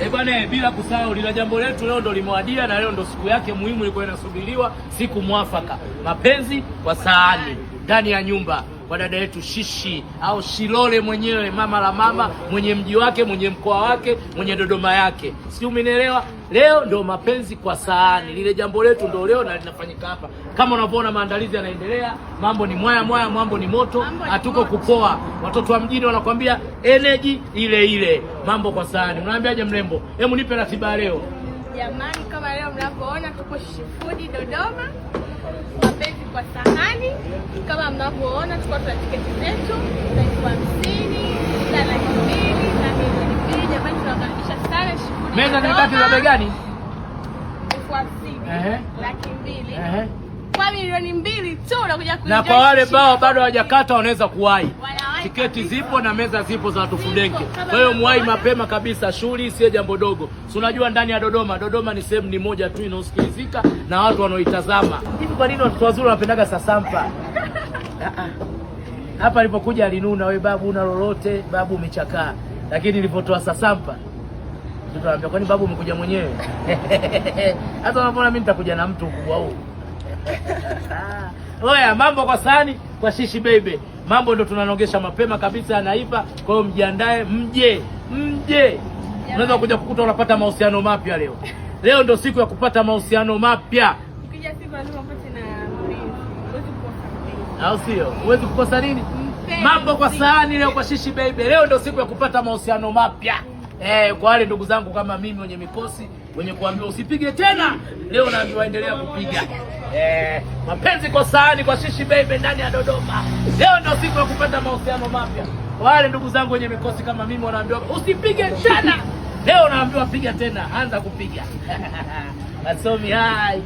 Eh bwana, eh, bila kusahau lila jambo letu leo ndo limewadia, na leo ndo siku yake muhimu ilikuwa inasubiriwa, siku mwafaka, mapenzi kwa sahani ndani ya nyumba kwa dada yetu Shishi au Shilole mwenyewe, mama la mama, mwenye mji wake, mwenye mkoa wake, mwenye Dodoma yake, sijui umenielewa. Leo ndo mapenzi kwa sahani, lile jambo letu ndo leo na linafanyika hapa. Kama unavyoona maandalizi yanaendelea, mambo ni mwaya mwaya, mambo ni moto, hatuko kupoa. Watoto wa mjini wanakwambia energy ile ile. Mambo kwa sahani, Mnaambiaje mrembo? Hebu nipe ratiba leo jamani. Kama leo mnapoona, tuko Shishi Food Dodoma kama mnavyoona, tuko tuna tiketi zetu na elfu hamsini na laki mbili na milioni mbili. Jamani, tunakaribisha sana. Shughuli meza ni ngapi za bei gani? elfu hamsini laki mbili kwa milioni mbili tu unakuja kuingia. Na kwa wale bao bado hawajakata wanaweza kuwahi, tiketi zipo na meza zipo za watu Fudenke. Kwa hiyo muwahi mapema kabisa, shughuli sio jambo dogo. Si unajua ndani ya Dodoma, Dodoma ni sehemu ni moja tu inaosikilizika na watu wanaoitazama hivi. Kwa nini watoto wazuri wanapendaga Sasampa? Ah, ah. hapa alipokuja alinuna, we babu una lolote babu, umechakaa. Lakini nilipotoa sasampa, mtoto anambia kwani babu umekuja mwenyewe? hata unapona mimi nitakuja na mtu mkubwa huu. Oya, mambo kwa sani kwa shishi bebe, mambo ndo tunanogesha mapema kabisa, yanaiva. Kwa hiyo mjiandae, mje mje, unaweza kuja kukuta unapata mahusiano mapya leo. Leo ndo siku ya kupata mahusiano mapya au sio? Huwezi kukosa nini? Mambo kwa sahani leo kwa Shishi Baby. Leo ndio siku ya kupata mahusiano mapya. Eh, kwa wale ndugu zangu kama mimi wenye mikosi, wenye kuambiwa usipige tena, leo naambiwa endelea kupiga. Eh, mapenzi kwa sahani kwa Shishi Baby ndani ya Dodoma. Leo ndio siku ya kupata mahusiano mapya. Kwa wale ndugu zangu wenye mikosi kama mimi wanaambiwa usipige tena. Leo naambiwa piga tena, anza kupiga. masomi hai.